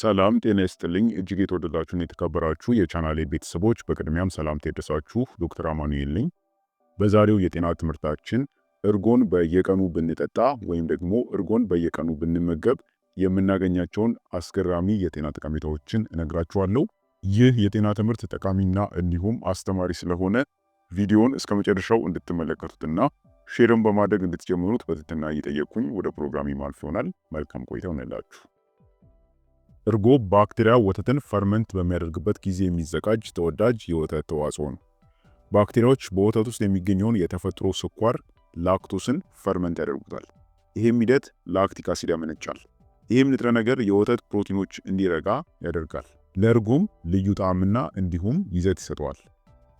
ሰላም ጤና ይስጥልኝ። እጅግ የተወደዳችሁን የተከበራችሁ የቻናሌ ቤተሰቦች በቅድሚያም ሰላምታ ይድረሳችሁ። ዶክተር አማኑኤል ነኝ። በዛሬው የጤና ትምህርታችን እርጎን በየቀኑ ብንጠጣ ወይም ደግሞ እርጎን በየቀኑ ብንመገብ የምናገኛቸውን አስገራሚ የጤና ጠቀሜታዎችን እነግራችኋለሁ። ይህ የጤና ትምህርት ጠቃሚና እንዲሁም አስተማሪ ስለሆነ ቪዲዮን እስከ መጨረሻው እንድትመለከቱትና ሼርም በማድረግ እንድትጀምሩት በትህትና እየጠየቅኩኝ ወደ ፕሮግራም ማልፍ ይሆናል። መልካም ቆይታ ይሆንላችሁ። እርጎ ባክቴሪያ ወተትን ፈርመንት በሚያደርግበት ጊዜ የሚዘጋጅ ተወዳጅ የወተት ተዋጽኦ ነው። ባክቴሪያዎች በወተት ውስጥ የሚገኘውን የተፈጥሮ ስኳር ላክቶስን ፈርመንት ያደርጉታል። ይህም ሂደት ላክቲክ አሲድ ያመነጫል። ይህም ንጥረ ነገር የወተት ፕሮቲኖች እንዲረጋ ያደርጋል። ለእርጎም ልዩ ጣዕምና እንዲሁም ይዘት ይሰጠዋል።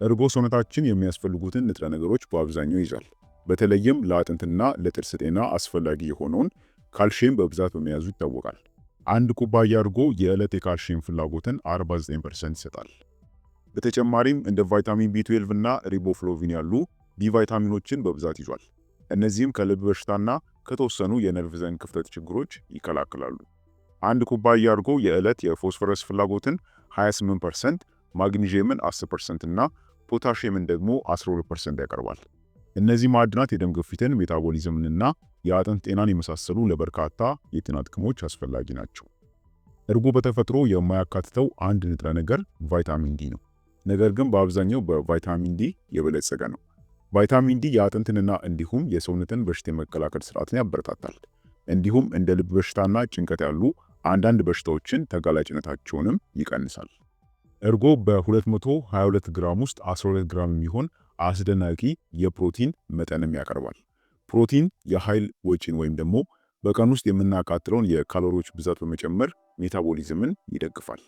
እርጎ ሰውነታችን የሚያስፈልጉትን ንጥረ ነገሮች በአብዛኛው ይዛል። በተለይም ለአጥንትና ለጥርስ ጤና አስፈላጊ የሆነውን ካልሽየም በብዛት በመያዙ ይታወቃል። አንድ ኩባያ እርጎ የዕለት የካልሽየም ፍላጎትን 49% ይሰጣል። በተጨማሪም እንደ ቫይታሚን ቢ12 እና ሪቦፍሎቪን ያሉ ቢ ቫይታሚኖችን በብዛት ይዟል። እነዚህም ከልብ በሽታና ከተወሰኑ የነርቭ ዘንግ ክፍተት ችግሮች ይከላከላሉ። አንድ ኩባያ እርጎ የዕለት የፎስፈረስ ፍላጎትን 28%፣ ማግኒዥየምን 10% እና ፖታሽየምን ደግሞ 12% ያቀርባል። እነዚህ ማዕድናት የደም ግፊትን፣ ሜታቦሊዝምንና የአጥንት ጤናን የመሳሰሉ ለበርካታ የጤና ጥቅሞች አስፈላጊ ናቸው። እርጎ በተፈጥሮ የማያካትተው አንድ ንጥረ ነገር ቫይታሚን ዲ ነው። ነገር ግን በአብዛኛው በቫይታሚን ዲ የበለጸገ ነው። ቫይታሚን ዲ የአጥንትንና እንዲሁም የሰውነትን በሽታ የመከላከል ስርዓትን ያበረታታል። እንዲሁም እንደ ልብ በሽታና ጭንቀት ያሉ አንዳንድ በሽታዎችን ተጋላጭነታቸውንም ይቀንሳል። እርጎ በ222 ግራም ውስጥ 12 ግራም የሚሆን አስደናቂ የፕሮቲን መጠንም ያቀርባል። ፕሮቲን የኃይል ወጪን ወይም ደግሞ በቀን ውስጥ የምናቃጥለውን የካሎሪዎች ብዛት በመጨመር ሜታቦሊዝምን ይደግፋል።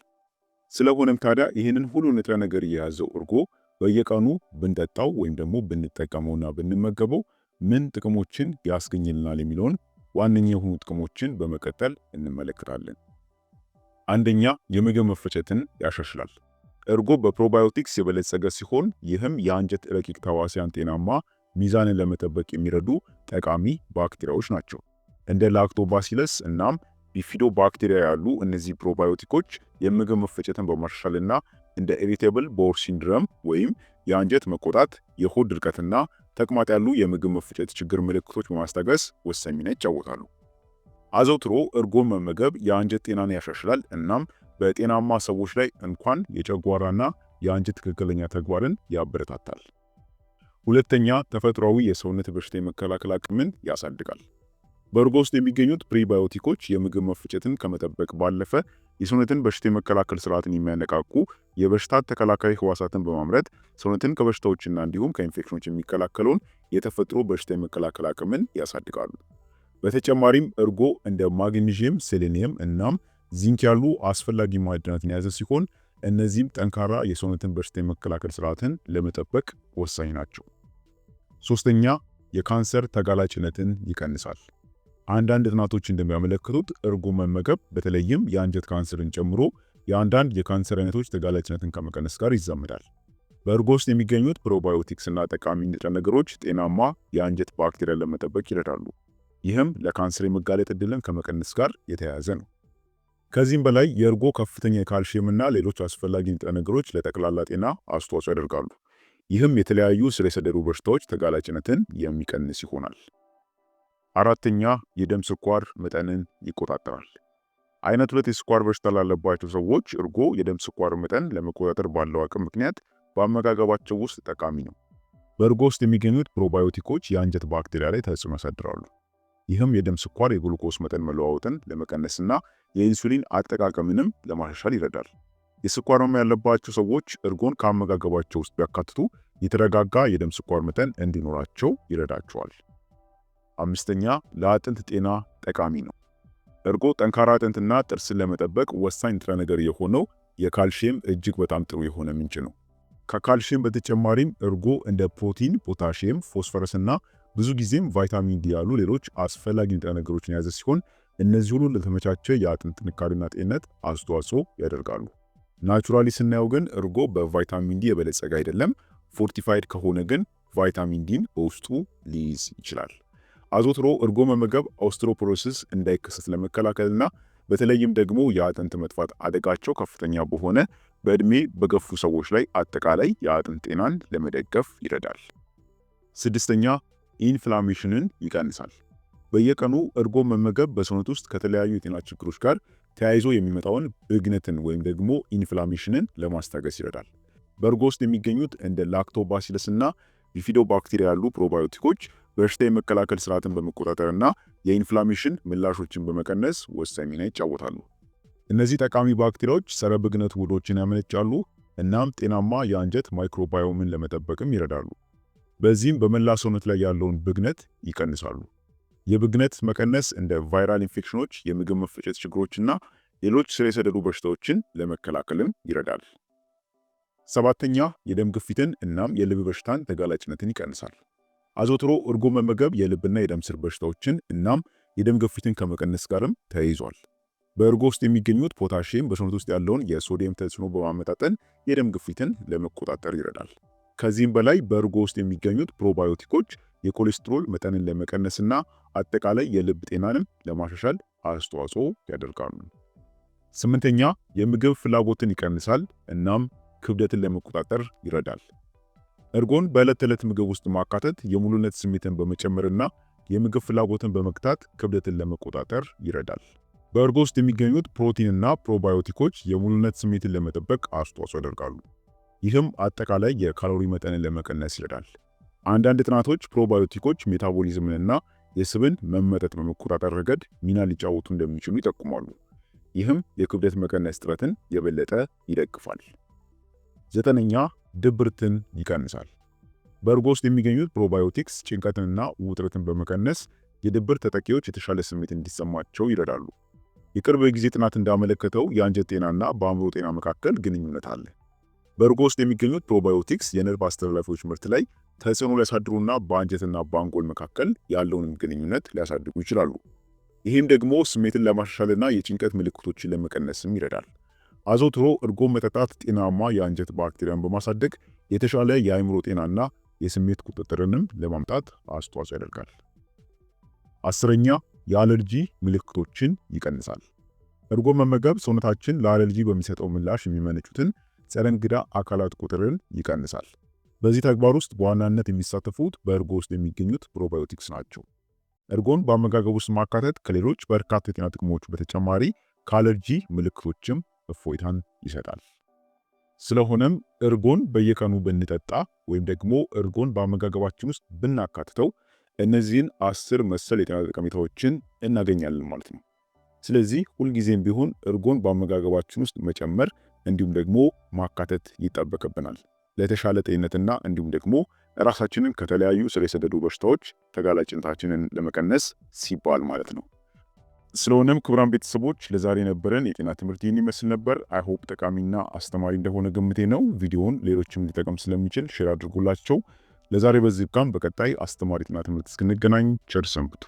ስለሆነም ታዲያ ይህንን ሁሉ ንጥረ ነገር የያዘው እርጎ በየቀኑ ብንጠጣው ወይም ደግሞ ብንጠቀመውና ብንመገበው ምን ጥቅሞችን ያስገኝልናል የሚለውን ዋነኛ የሆኑ ጥቅሞችን በመቀጠል እንመለከታለን። አንደኛ የምግብ መፈጨትን ያሻሽላል። እርጎ በፕሮባዮቲክስ የበለጸገ ሲሆን ይህም የአንጀት ረቂቅ ተዋሲያን ጤናማ ሚዛንን ለመጠበቅ የሚረዱ ጠቃሚ ባክቴሪያዎች ናቸው። እንደ ላክቶባሲለስ እናም ቢፊዶ ባክቴሪያ ያሉ እነዚህ ፕሮባዮቲኮች የምግብ መፈጨትን በማሻሻልና እንደ ኢሪቴብል ቦር ሲንድረም ወይም የአንጀት መቆጣት፣ የሆድ ድርቀትና ተቅማጥ ያሉ የምግብ መፈጨት ችግር ምልክቶች በማስታገስ ወሳኝ ሚና ይጫወታሉ። አዘውትሮ እርጎን መመገብ የአንጀት ጤናን ያሻሽላል እናም በጤናማ ሰዎች ላይ እንኳን የጨጓራና የአንጀት ትክክለኛ ተግባርን ያበረታታል። ሁለተኛ፣ ተፈጥሯዊ የሰውነት በሽታ የመከላከል አቅምን ያሳድጋል። በእርጎ ውስጥ የሚገኙት ፕሪባዮቲኮች የምግብ መፈጨትን ከመጠበቅ ባለፈ የሰውነትን በሽታ የመከላከል ስርዓትን የሚያነቃቁ የበሽታ ተከላካይ ህዋሳትን በማምረት ሰውነትን ከበሽታዎችና እንዲሁም ከኢንፌክሽኖች የሚከላከለውን የተፈጥሮ በሽታ የመከላከል አቅምን ያሳድጋሉ። በተጨማሪም እርጎ እንደ ማግኒዥየም፣ ሴሌኒየም እናም ዚንክ ያሉ አስፈላጊ ማዕድናትን የያዘ ሲሆን እነዚህም ጠንካራ የሰውነትን በሽታ የመከላከል ስርዓትን ለመጠበቅ ወሳኝ ናቸው። ሶስተኛ የካንሰር ተጋላጭነትን ይቀንሳል። አንዳንድ ጥናቶች እንደሚያመለክቱት እርጎ መመገብ በተለይም የአንጀት ካንሰርን ጨምሮ የአንዳንድ የካንሰር አይነቶች ተጋላጭነትን ከመቀነስ ጋር ይዛመዳል። በእርጎ ውስጥ የሚገኙት ፕሮባዮቲክስ እና ጠቃሚ ንጥረ ነገሮች ጤናማ የአንጀት ባክቴሪያን ለመጠበቅ ይረዳሉ። ይህም ለካንሰር የመጋለጥ ዕድልን ከመቀነስ ጋር የተያያዘ ነው። ከዚህም በላይ የእርጎ ከፍተኛ የካልሽየምና ሌሎች አስፈላጊ ንጥረ ነገሮች ለጠቅላላ ጤና አስተዋጽኦ ያደርጋሉ። ይህም የተለያዩ ስር የሰደዱ በሽታዎች ተጋላጭነትን የሚቀንስ ይሆናል። አራተኛ የደም ስኳር መጠንን ይቆጣጠራል። አይነት ሁለት የስኳር በሽታ ላለባቸው ሰዎች እርጎ የደም ስኳር መጠን ለመቆጣጠር ባለው አቅም ምክንያት በአመጋገባቸው ውስጥ ጠቃሚ ነው። በእርጎ ውስጥ የሚገኙት ፕሮባዮቲኮች የአንጀት ባክቴሪያ ላይ ተጽዕኖ ያሳድራሉ። ይህም የደም ስኳር የግሉኮስ መጠን መለዋወጥን ለመቀነስና የኢንሱሊን አጠቃቀምንም ለማሻሻል ይረዳል። የስኳር ህመም ያለባቸው ሰዎች እርጎን ከአመጋገባቸው ውስጥ ቢያካትቱ የተረጋጋ የደም ስኳር መጠን እንዲኖራቸው ይረዳቸዋል። አምስተኛ ለአጥንት ጤና ጠቃሚ ነው። እርጎ ጠንካራ አጥንትና ጥርስን ለመጠበቅ ወሳኝ ንጥረ ነገር የሆነው የካልሽየም እጅግ በጣም ጥሩ የሆነ ምንጭ ነው። ከካልሽየም በተጨማሪም እርጎ እንደ ፕሮቲን፣ ፖታሽየም፣ ፎስፈረስና ብዙ ጊዜም ቫይታሚን ዲ ያሉ ሌሎች አስፈላጊ ንጥረ ነገሮችን የያዘ ሲሆን እነዚህ ሁሉ ለተመቻቸ የአጥንት ጥንካሬና ጤንነት አስተዋጽኦ ያደርጋሉ። ናቹራሊ ስናየው ግን እርጎ በቫይታሚን ዲ የበለጸገ አይደለም። ፎርቲፋይድ ከሆነ ግን ቫይታሚን ዲን በውስጡ ሊይዝ ይችላል። አዘውትሮ እርጎ መመገብ ኦስትሮፖሮሲስ እንዳይከሰት ለመከላከልና በተለይም ደግሞ የአጥንት መጥፋት አደጋቸው ከፍተኛ በሆነ በእድሜ በገፉ ሰዎች ላይ አጠቃላይ የአጥንት ጤናን ለመደገፍ ይረዳል። ስድስተኛ ኢንፍላሜሽንን ይቀንሳል። በየቀኑ እርጎ መመገብ በሰውነት ውስጥ ከተለያዩ የጤና ችግሮች ጋር ተያይዞ የሚመጣውን ብግነትን ወይም ደግሞ ኢንፍላሜሽንን ለማስታገስ ይረዳል። በእርጎ ውስጥ የሚገኙት እንደ ላክቶባሲለስ እና ቢፊዶ ያሉ ፕሮባዮቲኮች በሽታ የመከላከል ስርዓትን በመቆጣጠርና የኢንፍላሜሽን ምላሾችን በመቀነስ ወሳኝ ሚና ይጫወታሉ። እነዚህ ጠቃሚ ባክቴሪያዎች ጸረ ብግነት ውህዶችን ያመነጫሉ፣ እናም ጤናማ የአንጀት ማይክሮባዮምን ለመጠበቅም ይረዳሉ። በዚህም በመላ ሰውነት ላይ ያለውን ብግነት ይቀንሳሉ። የብግነት መቀነስ እንደ ቫይራል ኢንፌክሽኖች፣ የምግብ መፈጨት ችግሮችና ሌሎች ስር የሰደዱ በሽታዎችን ለመከላከልም ይረዳል። ሰባተኛ የደም ግፊትን እናም የልብ በሽታን ተጋላጭነትን ይቀንሳል። አዘውትሮ እርጎ መመገብ የልብና የደም ስር በሽታዎችን እናም የደም ግፊትን ከመቀነስ ጋርም ተያይዟል። በእርጎ ውስጥ የሚገኙት ፖታሽየም በሰውነት ውስጥ ያለውን የሶዲየም ተጽዕኖ በማመጣጠን የደም ግፊትን ለመቆጣጠር ይረዳል። ከዚህም በላይ በእርጎ ውስጥ የሚገኙት ፕሮባዮቲኮች የኮሌስትሮል መጠንን ለመቀነስና አጠቃላይ የልብ ጤናንም ለማሻሻል አስተዋጽኦ ያደርጋሉ። ስምንተኛ የምግብ ፍላጎትን ይቀንሳል እናም ክብደትን ለመቆጣጠር ይረዳል። እርጎን በዕለት ተዕለት ምግብ ውስጥ ማካተት የሙሉነት ስሜትን በመጨመርና የምግብ ፍላጎትን በመግታት ክብደትን ለመቆጣጠር ይረዳል። በእርጎ ውስጥ የሚገኙት ፕሮቲንና ፕሮባዮቲኮች የሙሉነት ስሜትን ለመጠበቅ አስተዋጽኦ ያደርጋሉ። ይህም አጠቃላይ የካሎሪ መጠንን ለመቀነስ ይረዳል። አንዳንድ ጥናቶች ፕሮባዮቲኮች ሜታቦሊዝምንና የስብን መመጠጥ በመቆጣጠር ረገድ ሚና ሊጫወቱ እንደሚችሉ ይጠቁማሉ። ይህም የክብደት መቀነስ ጥረትን የበለጠ ይደግፋል። ዘጠነኛ ድብርትን ይቀንሳል። በእርጎ ውስጥ የሚገኙት ፕሮባዮቲክስ ጭንቀትንና ውጥረትን በመቀነስ የድብር ተጠቂዎች የተሻለ ስሜት እንዲሰማቸው ይረዳሉ። የቅርብ ጊዜ ጥናት እንዳመለከተው የአንጀት ጤናና በአእምሮ ጤና መካከል ግንኙነት አለ። በእርጎ ውስጥ የሚገኙት ፕሮባዮቲክስ የነርቭ አስተላላፊዎች ምርት ላይ ተጽዕኖ ሊያሳድሩና በአንጀትና በአንጎል መካከል ያለውንም ግንኙነት ሊያሳድጉ ይችላሉ። ይህም ደግሞ ስሜትን ለማሻሻልና የጭንቀት ምልክቶችን ለመቀነስም ይረዳል። አዘውትሮ እርጎ መጠጣት ጤናማ የአንጀት ባክቴሪያን በማሳደግ የተሻለ የአእምሮ ጤናና የስሜት ቁጥጥርንም ለማምጣት አስተዋጽኦ ያደርጋል። አስረኛ የአለርጂ ምልክቶችን ይቀንሳል። እርጎ መመገብ ሰውነታችን ለአለርጂ በሚሰጠው ምላሽ የሚመነጩትን ጸረ እንግዳ አካላት ቁጥርን ይቀንሳል። በዚህ ተግባር ውስጥ በዋናነት የሚሳተፉት በእርጎ ውስጥ የሚገኙት ፕሮባዮቲክስ ናቸው። እርጎን በአመጋገብ ውስጥ ማካተት ከሌሎች በርካታ የጤና ጥቅሞች በተጨማሪ ከአለርጂ ምልክቶችም እፎይታን ይሰጣል። ስለሆነም እርጎን በየቀኑ ብንጠጣ ወይም ደግሞ እርጎን በአመጋገባችን ውስጥ ብናካትተው እነዚህን አስር መሰል የጤና ጠቀሜታዎችን እናገኛለን ማለት ነው። ስለዚህ ሁልጊዜም ቢሆን እርጎን በአመጋገባችን ውስጥ መጨመር እንዲሁም ደግሞ ማካተት ይጠበቅብናል። ለተሻለ ጤንነትና እንዲሁም ደግሞ ራሳችንን ከተለያዩ ስር የሰደዱ በሽታዎች ተጋላጭነታችንን ለመቀነስ ሲባል ማለት ነው። ስለሆነም ክቡራን ቤተሰቦች ለዛሬ ነበረን የጤና ትምህርት ይህን ይመስል ነበር። አይሆፕ ጠቃሚና አስተማሪ እንደሆነ ግምቴ ነው። ቪዲዮውን ሌሎችም ሊጠቀም ስለሚችል ሼር አድርጉላቸው። ለዛሬ በዚህ ቃም። በቀጣይ አስተማሪ ጤና ትምህርት እስክንገናኝ ቸር ሰንብቱ።